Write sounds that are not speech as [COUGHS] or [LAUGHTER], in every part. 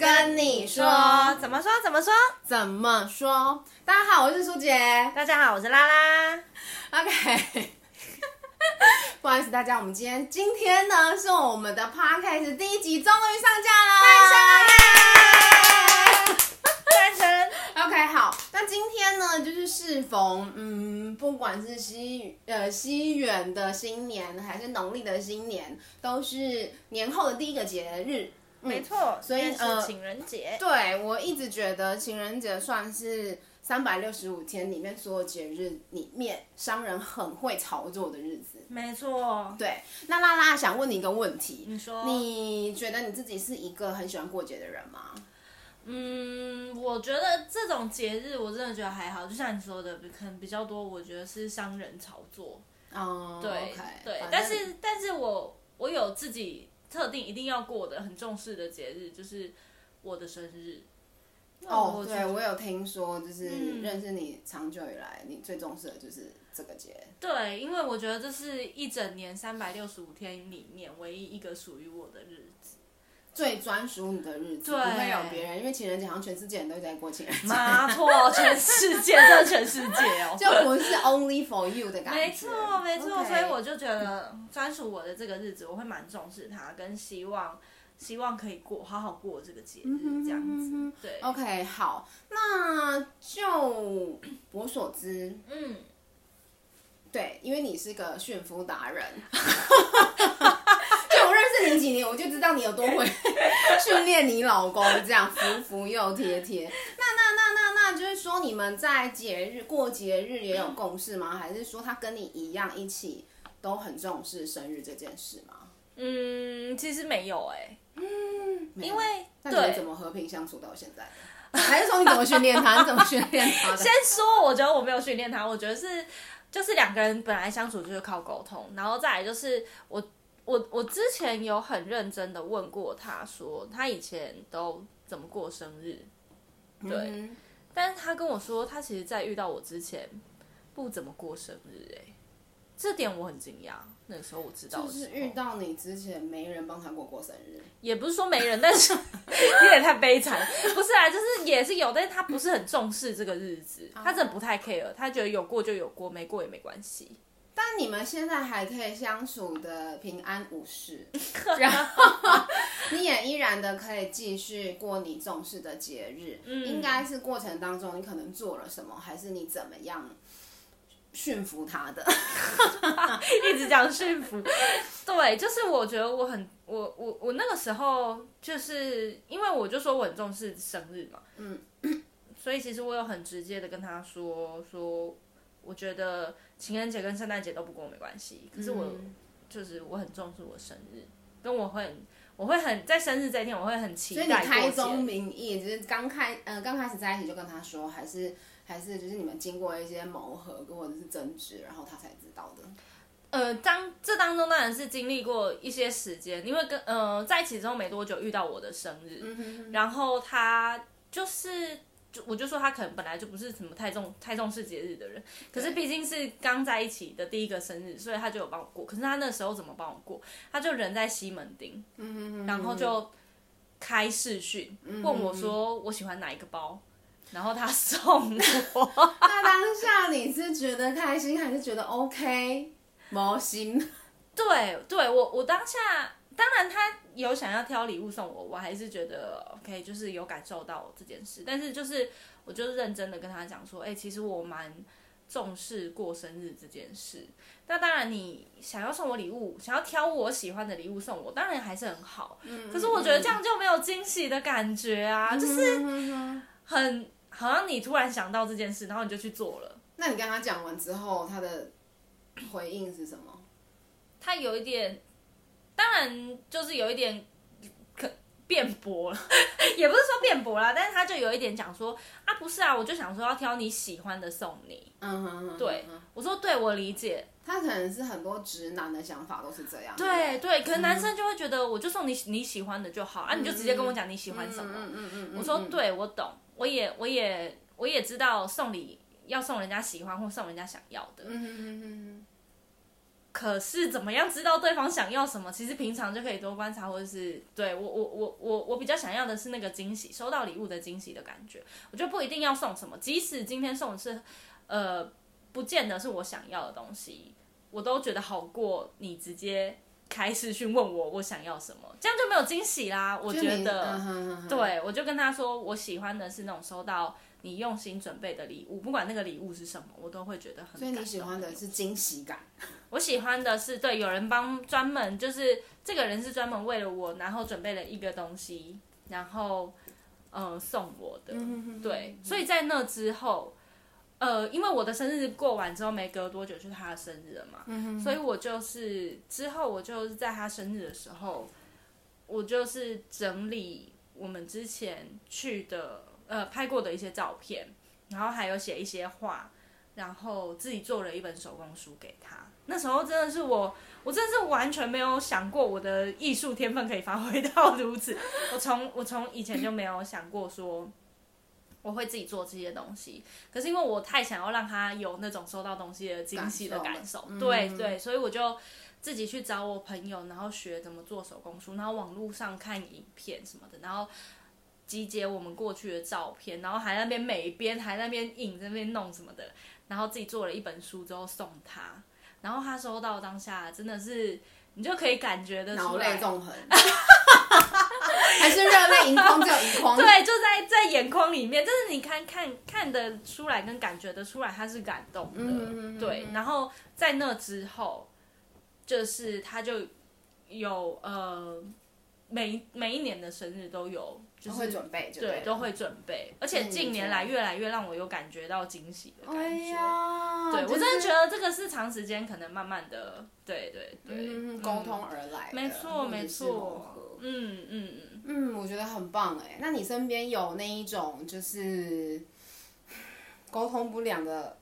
跟你說，你說，怎麼說？怎麼說？怎麼說？大家好，我是蘇杰。大家好，我是拉拉。OK， [LAUGHS] [LAUGHS] 不好意思大家，我們今天，今天呢是我們的 Podcast 第一集終於上架了，上架了，了，了！上架了。OK，好，那今天呢就是適逢嗯，不管是西呃西元的新年還是農曆的新年，都是年後的第一個節日。嗯、沒錯，所以是呃，情人節。對，我一直覺得情人節算是三百六十五天裡面所有節日裡面商人很會炒作的日子。沒錯，對。那拉拉想問你一個問題，你說你覺得你自己是一個很喜歡過節的人嗎？嗯，我覺得這種節日我真的覺得還好，就像你說的，可能比較多，我覺得是商人炒作。哦、嗯，對 okay, 對、啊，但是、啊、但是我我有自己。特定一定要過的，很重視的節日，就是我的生日。哦，oh，對，我有聽說，就是認識你長久以來，你最重視的就是這個節。嗯，對，因為我覺得這是一整年三百六十五天裡面唯一一個屬於我的日子。最專屬你的日子不會有別人，因為情人節好像全世界人都在過情人節。沒錯，全世界真的 [LAUGHS] 全世界哦，就不是 only for you 的感覺。沒錯，沒錯，okay。所以我就覺得專屬我的這個日子，我會蠻重視它，跟希望希望可以過好好過這個節日這樣子。對，OK，好，那就我所知，嗯，對，因為你是個馴夫達人。 [LAUGHS] [LAUGHS] 前幾年我就知道你有多會訓練你老公，這樣服服又貼貼。那那那那那就是說，你們在節日過節日也有共識嗎？還是說他跟你一樣一起都很重視生日這件事嗎？嗯，其實沒有哎、欸，嗯，因為對怎麼和平相處到現在，還是說你怎麼訓練他，你怎麼訓練他？先說，我覺得我沒有訓練他，我覺得是就是兩個人本來相處就是靠溝通，然後再來就是我。我我之前有很認真的問過他，說他以前都怎麼過生日，對，嗯、但是他跟我說他其實，在遇到我之前，不怎麼過生日、欸，哎，這點我很驚訝、嗯。那個時候我知道，就是遇到你之前，沒人幫他過過生日，也不是說沒人，但是有點 [LAUGHS] [LAUGHS] 太悲慘，不是啊，就是也是有，但是他不是很重視這個日子，嗯、他真的不太 care，他覺得有過就有過，沒過也沒關係。你們現在還可以相處的平安無事， [LAUGHS] 然後你也依然的可以繼續過你重視的節日。嗯，應該是過程當中你可能做了什麼，還是你怎麼樣馴服他的？ [LAUGHS] [LAUGHS] 一直講馴服，對，就是我覺得我很，我我我那個時候就是因為我就說我很重視生日嘛，嗯， [COUGHS] 所以其實我有很直接的跟他說說。.我覺得情人節跟聖誕節都不過沒關係，可是我、嗯、就是我很重視我生日，跟我會我會很，我會很在生日這一天我會很期待過節。所以你開宗明義，就是剛開呃剛開始在一起就跟他說，還是還是就是你們經過一些磨合或者是爭執，然後他才知道的。呃，當這當中當然是經歷過一些時間，因為跟呃在一起之後沒多久遇到我的生日，嗯、哼哼然後他就是。就我就說他可能本來就不是什麼太重太重視節日的人，可是畢竟是剛在一起的第一個生日，所以他就有幫我過。可是他那時候怎麼幫我過？他就人在西門町，嗯哼嗯哼然後就開視訊問我說我喜歡哪一個包，嗯哼嗯哼然後他送我。 [LAUGHS] [LAUGHS] [LAUGHS] [LAUGHS] [LAUGHS] 那當下你是覺得開心 [LAUGHS] 還是覺得 OK？模心？對對，我我當下。當然，他有想要挑禮物送我，我還是覺得 OK，就是有感受到這件事。但是就是，我就認真的跟他講說，哎、欸，其實我蠻重視過生日這件事。那當然，你想要送我禮物，想要挑我喜歡的禮物送我，當然還是很好。可是我覺得這樣就沒有驚喜的感覺啊，就是很，很好像你突然想到這件事，然後你就去做了。那你跟他講完之後，他的回應是什麼？他有一點。當然，就是有一點可辯駁了，也不是說辯駁啦，但是他就有一點講說啊，不是啊，我就想說要挑你喜歡的送你。嗯對，我說對，我理解。他可能是很多直男的想法都是這樣。對對，可能男生就會覺得，我就送你你喜歡的就好啊，你就直接跟我講你喜歡什麼。嗯嗯，我說對，我懂，我也我也我也知道送禮要送人家喜歡或送人家想要的。嗯可是怎麼樣知道對方想要什麼？其實平常就可以多觀察，或者是對，我我我我我比較想要的是那個驚喜，收到禮物的驚喜的感覺。我就不一定要送什麼，即使今天送的是，呃，不見得是我想要的東西，我都覺得好過你直接開始去問我我想要什麼，這樣就沒有驚喜啦。我覺得，啊、哈哈哈對，我就跟他說，我喜歡的是那種收到。你用心準備的禮物，不管那個禮物是什麼，我都會覺得很。所以你喜歡的是驚喜感。我喜歡的是對有人幫，專門就是這個人是專門為了我，然後準備了一個東西，然後嗯、呃、送我的。對、嗯，所以在那之後，呃，因為我的生日過完之後沒隔多久就是他的生日了嘛，嗯、所以我就是之後我就是在他生日的時候，我就是整理我們之前去的。呃，拍過的一些照片，然後還有寫一些話，然後自己做了一本手工書給他。那時候真的是我，我真的是完全沒有想過我的藝術天分可以發揮到如此。 [LAUGHS] 我從我從以前就沒有想過說我會自己做這些東西，可是因為我太想要讓他有那種收到東西的驚喜的感受，感受對、嗯、對，所以我就自己去找我朋友，然後學怎麼做手工書，然後網絡上看影片什麼的，然後。集結我們過去的照片，然後還在那邊美編，還那邊印，在那邊弄什麼的，然後自己做了一本書之後送他，然後他收到當下真的是，你就可以感覺得出來，腦淚縱橫， [LAUGHS] [LAUGHS] [LAUGHS] [LAUGHS] 還是熱淚盈，盈眶，就眼眶對，就在在眼眶裡面，就是你看看看得出來跟感覺得出來，他是感動的嗯嗯嗯嗯嗯，對，然後在那之後，就是他就有呃。每每一年的生日都有，就是會準備就對，對，都會準備，而且近年來越來越讓我有感覺到驚喜的感覺。哎、對、就是，我真的覺得這個是長時間可能慢慢的，對對對，溝、嗯、通而來、嗯，沒錯沒錯，嗯嗯嗯嗯，我覺得很棒哎。那你身邊有那一種就是溝通不良的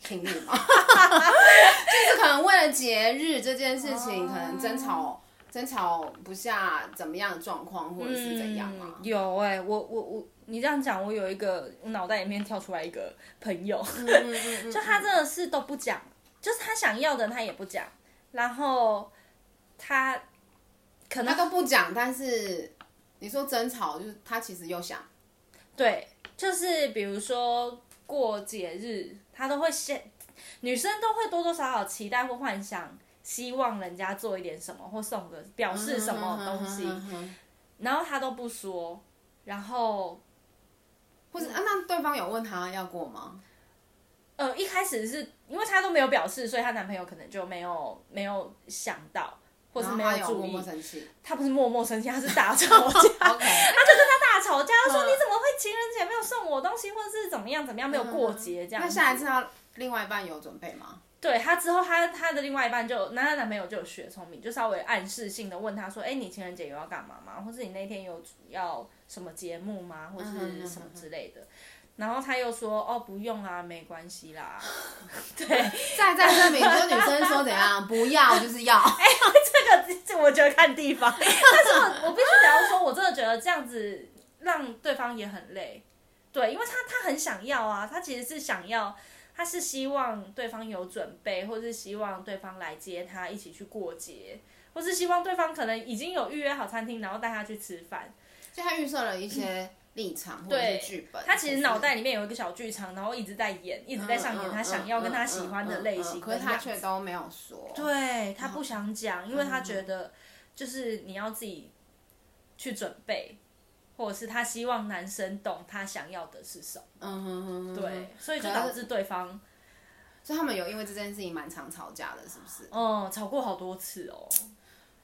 情侶嗎？ [LAUGHS] [LAUGHS] [LAUGHS] [LAUGHS] [LAUGHS] 就是可能為了節日這件事情，oh. 可能爭吵。爭吵不下怎麼樣的狀況，或者是怎樣嗎、啊嗯？有哎、欸，我我我，你這樣講，我有一個我腦袋裡面跳出來一個朋友，嗯嗯嗯、 [LAUGHS] 就他真的是都不講、嗯嗯，就是他想要的他也不講，然後他可能他他都不講，但是你說爭吵就是他其實又想，對，就是比如說過節日，他都會先，女生都會多多少少期待或幻想。希望人家做一點什麼，或送個表示什麼東西、嗯哼哼哼哼哼，然後他都不說，然後或者啊，那對方有問他要過嗎？呃，一開始是因為他都沒有表示，所以她男朋友可能就沒有沒有想到，或是沒有注意。他，默默生他不是默默生氣，他是大吵架， [LAUGHS] 他就跟他大吵架， [LAUGHS] Okay. 他說你怎麼會情人節沒有送我東西，嗯、或者是怎麼樣怎麼樣沒有過節這樣、嗯哼哼？那下一次他另外一半有準備嗎？對他之後她，他的另外一半就男他男朋友就有學聰明，就稍微暗示性的問他說：“哎、欸，你情人節有要幹嘛嗎？或是你那天有要什麼節目嗎？或是什麼之類的？”然後他又說：“哦，不用啊，沒關係啦。 [LAUGHS] ”對，在在在，很多 [LAUGHS] 女生說怎樣？不要，就是要。哎、 [LAUGHS] 欸，這個這我覺得看地方， [LAUGHS] 但是我,我必須得要說，我真的覺得這樣子讓對方也很累。對，因為他他很想要啊，他其實是想要。他是希望對方有準備，或是希望對方來接他一起去過節，或是希望對方可能已經有預約好餐廳，然後帶他去吃飯。所以他預設了一些立場、嗯、或者是劇本。他其實腦袋裡面有一個小劇場，然後一直在演，一直在上演他想要跟他喜歡的類型的、嗯嗯嗯嗯嗯嗯嗯。可是他卻都沒有說。對，他、嗯、不想講，因為他覺得就是你要自己去準備。或者是他希望男生懂他想要的是什麼，嗯哼哼，對，所以就導致對方，所以他們有因為這件事情蠻常吵架的，是不是？哦、嗯，吵過好多次哦。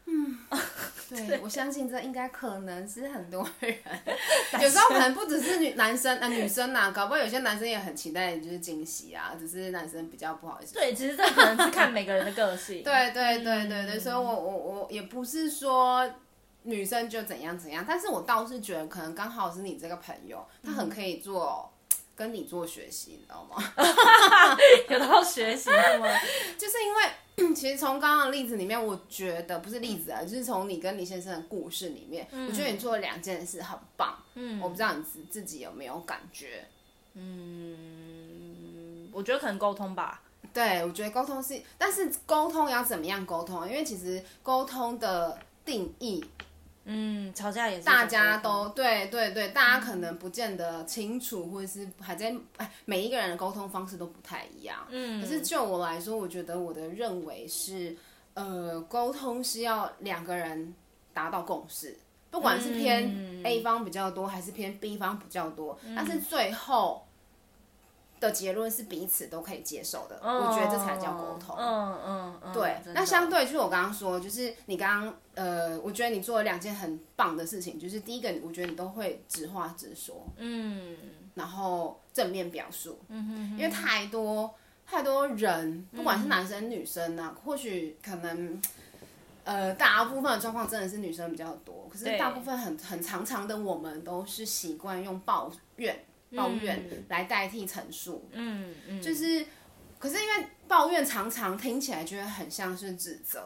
嗯， [LAUGHS] 對，對,對，我相信這應該可能是很多人，有時候可能不只是女男生啊、呃，女生吶、啊，搞不好有些男生也很期待就是驚喜啊，只是男生比較不好意思。對，其實這可能是看每個人的個性。 [LAUGHS] 對對對對對，所以我我我也不是說。女生就怎樣怎樣，但是我倒是覺得，可能剛好是你這個朋友，嗯、他很可以做跟你做學習，你知道嗎？ [LAUGHS] 有到學習嗎？就是因為其實從剛剛的例子裡面，我覺得不是例子啊，嗯、就是從你跟李先生的故事裡面，嗯、我覺得你做了兩件事很棒。嗯，我不知道你自自己有沒有感覺？嗯，我覺得可能溝通吧。對，我覺得溝通是，但是溝通要怎麼樣溝通？因為其實溝通的定義。嗯，吵架也是，大家都對對對，嗯，大家可能不見得清楚，或者是還在哎，每一個人的溝通方式都不太一樣。嗯，可是就我來說，我覺得我的認為是，呃，溝通是要兩個人達到共識，不管是偏 A 方比較多，還是偏 B 方比較多，嗯，但是最後。的結論是彼此都可以接受的，oh, 我覺得這才叫溝通。嗯、oh, 嗯、oh, oh, oh, 對，那相對就是我剛剛說，就是你剛剛呃，我覺得你做了兩件很棒的事情，就是第一個，我覺得你都會直話直說，嗯，然後正面表述，嗯、哼哼，因為太多太多人，不管是男生、嗯、女生呢、啊，或許可能，呃，大部分的狀況真的是女生比較多，可是大部分很很常常的我們都是習慣用抱怨。抱怨來代替陳述，嗯嗯，就是、嗯嗯，可是因為抱怨常常聽起來就會很像是指責。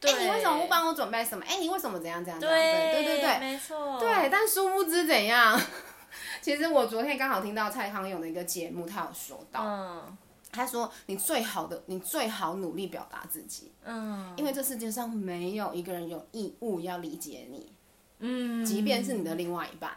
對，欸、你為什麼不幫我準備什麼？哎、欸，你為什麼這樣這樣這樣？對對對對對，沒錯。對，但殊不知怎樣， [LAUGHS] 其實我昨天剛好聽到蔡康永的一個節目，他有說到、嗯，他說你最好的，你最好努力表達自己，嗯，因為這世界上沒有一個人有義務要理解你，嗯，即便是你的另外一半。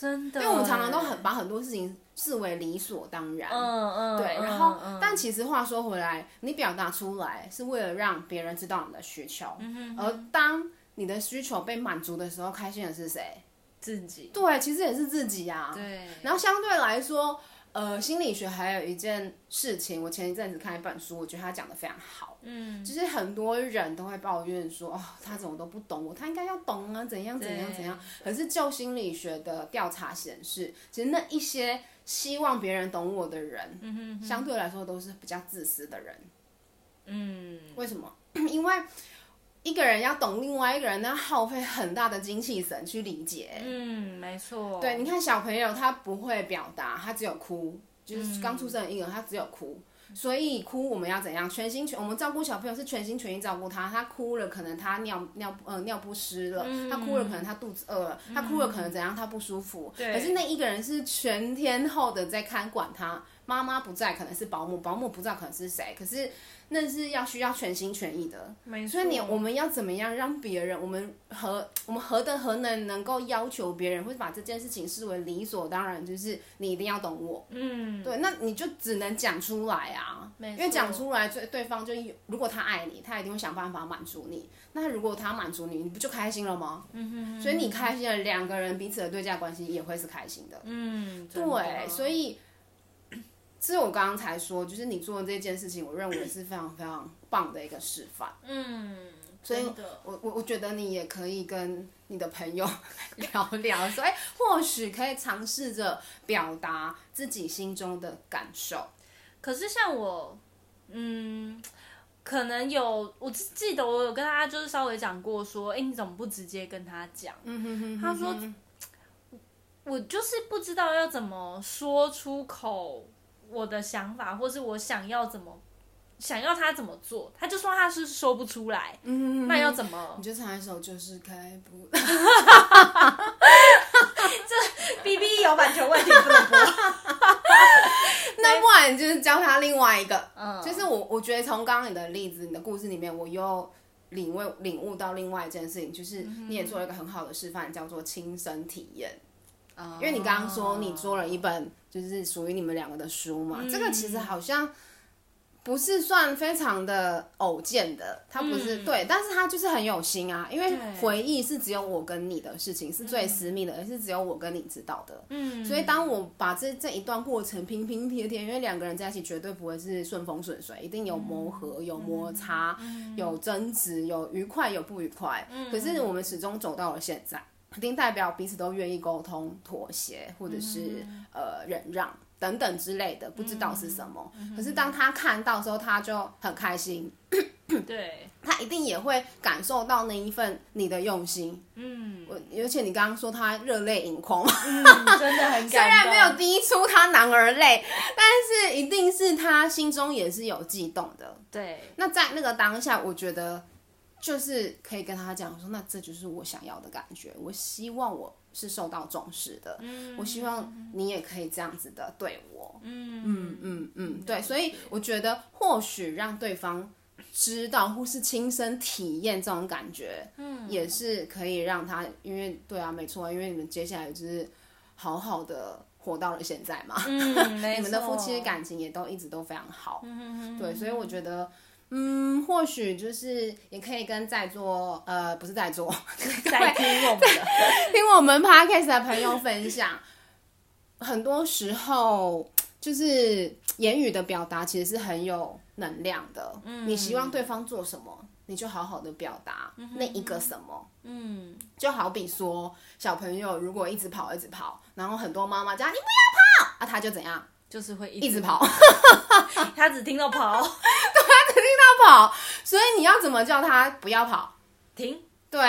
真的因為我們常常都很把很多事情視為理所當然，嗯嗯、對，然後、嗯嗯嗯、但其實話說回來，你表達出來是為了讓別人知道你的需求，嗯、哼哼，而當你的需求被滿足的時候，開心的是誰？自己。對，其實也是自己呀，啊。對。然後相對來說，呃，心理學還有一件事情，我前一陣子看一本書，我覺得他講得非常好。嗯，其實很多人都會抱怨說，哦，他怎麼都不懂我，他應該要懂啊，怎樣怎樣怎樣。可是，就心理學的調查顯示，其實那一些希望別人懂我的人，嗯哼哼，相對來說都是比較自私的人。嗯，為什麼？因為。一個人要懂另外一個人，要耗費很大的精氣神去理解。嗯，沒錯。對，你看小朋友他不會表達，他只有哭。就是剛出生的嬰兒，他只有哭。嗯。所以哭我們要怎樣？全心全我們照顧小朋友是全心全意照顧他。他哭了，可能他尿尿呃尿不濕了。嗯。他哭了，可能他肚子餓了。他哭了，可能怎樣？他不舒服。嗯。對。可是那一個人是全天候的在看管他。媽媽不在，可能是保姆。保姆不在，可能是誰？可是。那是要需要全心全意的，所以你我們要怎麼樣讓別人？我們何我們何德何能能夠要求別人會把這件事情視為理所當然？就是你一定要懂我，嗯，對，那你就只能講出來啊，因為講出來，對對方就有，如果他愛你，他一定會想辦法滿足你。那如果他滿足你，你不就開心了嗎？嗯哼，嗯哼，所以你開心了，兩個人彼此的對價關係也會是開心的。嗯，對，所以。其實我剛剛才說，就是你做的這件事情，我認為是非常非常棒的一個示範。嗯，所以，真的我我我覺得你也可以跟你的朋友 [LAUGHS] 聊聊，說，哎、欸，或許可以嘗試着表達自己心中的感受。可是像我，嗯，可能有，我記得我有跟大家就是稍微講過，說，哎、欸，你怎麼不直接跟他講？嗯、哼嗯、哼嗯哼，他說，我就是不知道要怎麼說出口。我的想法，或是我想要怎麼想要他怎麼做，他就說他是說不出來，嗯,嗯，嗯、那要怎麼？你就唱一首《就是開不，這 B B 有版權問題不能播。那不然就是教他另外一個，就是我我覺得從剛剛你的例子、你的故事裡面，我又領會領悟到另外一件事情，就是你也做了一個很好的示範、嗯嗯，叫做親身體驗。因為你剛剛說、oh, 你做了一本就是屬於你們兩個的書嘛、嗯，這個其實好像不是算非常的偶見的，它不是對、嗯，但是它就是很有心啊。因為回憶是只有我跟你的事情是最私密的，而、嗯、是只有我跟你知道的。嗯，所以當我把這這一段過程拼拼貼貼，因為兩個人在一起絕對不會是順風順水，一定有磨合、有摩擦、嗯、有爭執、有愉快、有不愉快。嗯，可是我們始終走到了現在。一定代表彼此都願意溝通、妥協，或者是、嗯、呃忍讓等等之類的，不知道是什麼。嗯、可是當他看到時候、嗯，他就很開心咳咳。對，他一定也會感受到那一份你的用心。嗯，我而且你剛剛說他熱淚盈眶，嗯、 [LAUGHS] 真的很感動，雖然沒有滴出他男兒淚，但是一定是他心中也是有悸動的。對，那在那個當下，我覺得。就是可以跟他講說，那這就是我想要的感覺。我希望我是受到重視的，嗯、我希望你也可以這樣子的對我。嗯嗯嗯嗯，嗯，嗯，對嗯，所以我覺得或許讓對方知道，或是親身體驗這種感覺，也是可以讓他，嗯、因為對啊，沒錯，因為你們接下來就是好好的活到了現在嘛，嗯、 [LAUGHS] 你們的夫妻感情也都一直都非常好。嗯嗯、對，所以我覺得。嗯，或許就是也可以跟在座呃，不是在座， [LAUGHS] 在聽我們的 [LAUGHS] 聽我們 podcast 的朋友分享。很多時候，就是言語的表達其實是很有能量的。嗯，你希望對方做什麼，你就好好的表達、嗯嗯、那一個什麼。嗯，就好比說小朋友如果一直跑，一直跑，然後很多媽媽講你不要跑，啊，他就怎樣，就是會一直，一直跑，他只聽到跑。 [LAUGHS] 肯定他跑，所以你要怎麼叫他不要跑？停，對，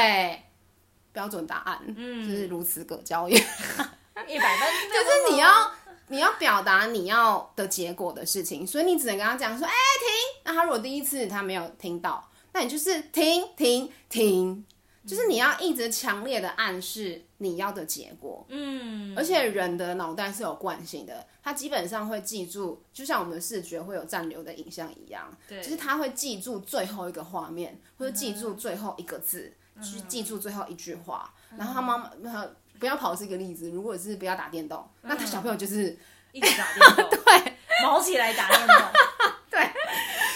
標準答案，嗯，就是如此可交易，一百分。可 [LAUGHS] 是你要你要表達你要的結果的事情，所以你只能跟他講說：“哎，停。”那他如果第一次他沒有聽到，那你就是停停停。就是你要一直強烈的暗示你要的結果，嗯，而且人的腦袋是有慣性的，他基本上會記住，就像我們的視覺會有暫留的影像一樣，對，就是他會記住最後一個畫面，嗯、或者記住最後一個字，去、嗯就是、記住最後一句話。嗯、然後他媽媽，不要跑是一個例子，如果是不要打電動、嗯，那他小朋友就是、嗯欸、一直打電動，對，毛起來打電動， [LAUGHS] 對。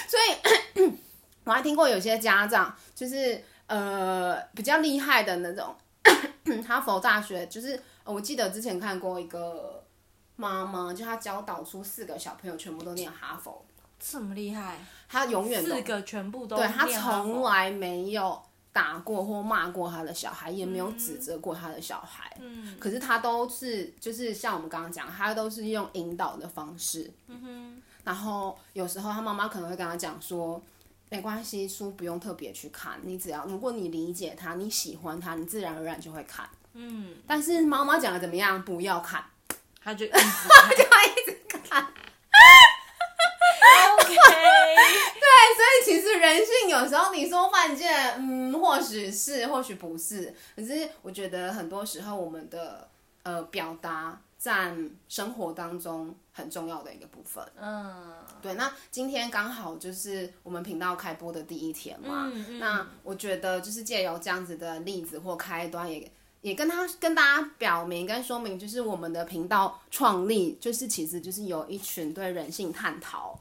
所以 [COUGHS] 我還聽過有些家長就是。呃，比較厲害的那種，咳咳哈佛大學，就是，我記得之前看過一個媽媽，就她教導出四個小朋友，全部都念哈佛，這麼厲害？她永遠四個全部都對，她從來沒有打過或罵過她的小孩，也沒有指責過她的小孩。嗯，可是她都是就是像我們剛剛講，她都是用引導的方式。嗯哼，然後有時候她媽媽可能會跟她講說。沒關係，書不用特別去看，你只要如果你理解它，你喜歡它，你自然而然就會看。嗯，但是媽媽講的怎麼樣？不要看，他就他就一直看。 [LAUGHS] 直看 ok [LAUGHS] 對，所以其實人性有時候你說犯賤，嗯，或許是，或許不是。可是我覺得很多時候我們的呃表達。佔生活當中很重要的一個部分。嗯，對，那今天剛好就是我們頻道開播的第一天嘛，嗯嗯、那我覺得就是藉由這樣子的例子或開端也，也也跟他跟大家表明跟說明，就是我們的頻道創立，就是其實就是有一群對人性探討。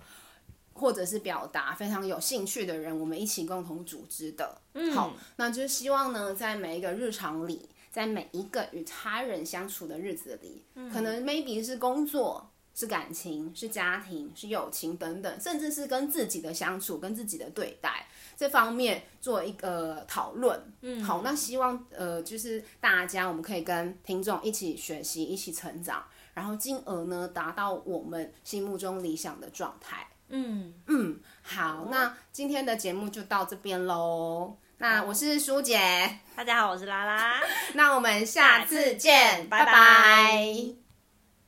或者是表達非常有興趣的人，我們一起共同組織的。嗯，好，那就是希望呢，在每一個日常裡，在每一個與他人相處的日子裡，嗯，可能 maybe 是工作、是感情、是家庭、是友情等等，甚至是跟自己的相處、跟自己的對待這方面做一個討論，呃。嗯，好，那希望呃，就是大家我們可以跟聽眾一起學習、一起成長，然後進而呢達到我們心目中理想的狀態。嗯嗯，好，哦，那今天的節目就到這邊嘍。那我是舒姐，大家好，我是拉拉。 [LAUGHS] 那我們下次見，下次見，拜拜。拜拜。